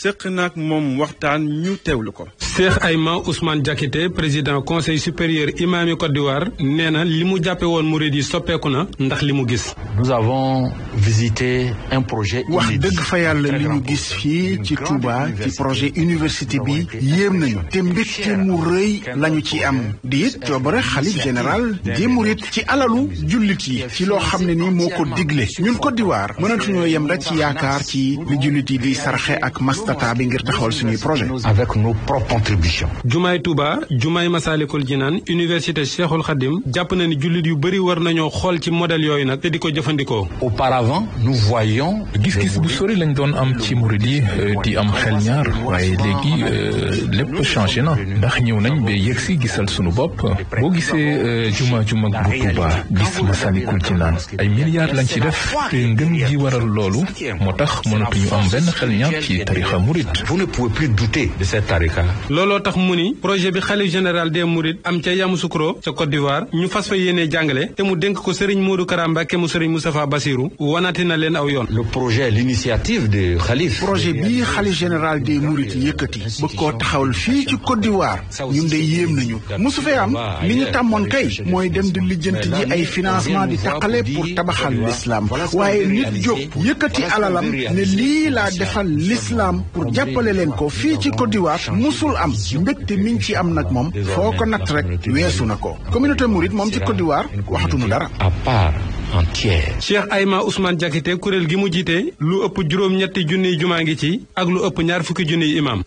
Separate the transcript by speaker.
Speaker 1: seq naag moom waxtaan ñu teewlu ko.
Speaker 2: Cheikh Ayma Ousmane Diakité président conseil supérieur imaami Côte d'Ivoire nee na li mu jàppe woon murid yi soppeeku na ndax li mu gis. nous avons visité projet. wax dëgg fa yàlla li ñu gis
Speaker 1: fii ci Touba ci projet université bi yéem nañu. te mbégte mu rëy lañu ci am. di it coobare xalif général di murid ci alalu jullit yi. ci loo xam ne ni moo ko digle. ñun Côte d'Ivoire mënatuñoo yem rek ci yaakaar ci li jullit yi di sarxe ak mastata bi ngir taxawal suñuy projet. avec attribution.
Speaker 2: jumaay Touba jumaay Masaalikul Jinaan université Cheikhul Khadim jàpp na ni jullit yu bëri war nañoo xool ci modèle yooyu nag te di ko jëfandikoo. auparavant
Speaker 3: nous voyions. gis-gis bu sori lañ doon am ci murid yi euh, di am xel ñaar waaye léegi euh, lépp changé na ndax ñëw nañ ba yegg si gisal sunu bopp boo gisee euh, juma juma bu Touba gis Masaalikul Jinaan ay milliards lañ ci def te ngëm gi waral loolu moo tax mënatuñu am benn xel ñaar ci tarixa murid.
Speaker 2: vous looloo tax mu ni projet bi xalif général des Mourides am ca Yamoussoukro ca Côte d'Ivoire ñu fas fa yéene jàngale te mu dénk ko Serigne Modou Kara Mbacké mu Serigne Moustapha Bassirou wanati na leen aw yoon. le projet l'initiative de xalif. projet bii
Speaker 1: xalif général des Mourides yëkkati bëgg koo taxawal fii ci Côte d'Ivoire ñun de yéem nañu mosu fee am li ñu tàmmoon kay mooy dem di lijjanti ji ay financement di taqale pour tabaxal l'islam waaye nit jóg yëkkati alalam ne lii laa defal l'islam pour jàppale leen ko fii ci Côte am mbégte miñ ci am nag moom foo ko natt rek weesu na ko communauté mouride moom ci Côte d'Ivoire waxatuñu dara à part
Speaker 3: entière
Speaker 2: Cheikh Ayma Ousmane Diakité kuréel gi mu jiite lu ëpp juróom-ñetti junniy jumaa ngi ci ak lu ëpp ñaar fukki junniy imam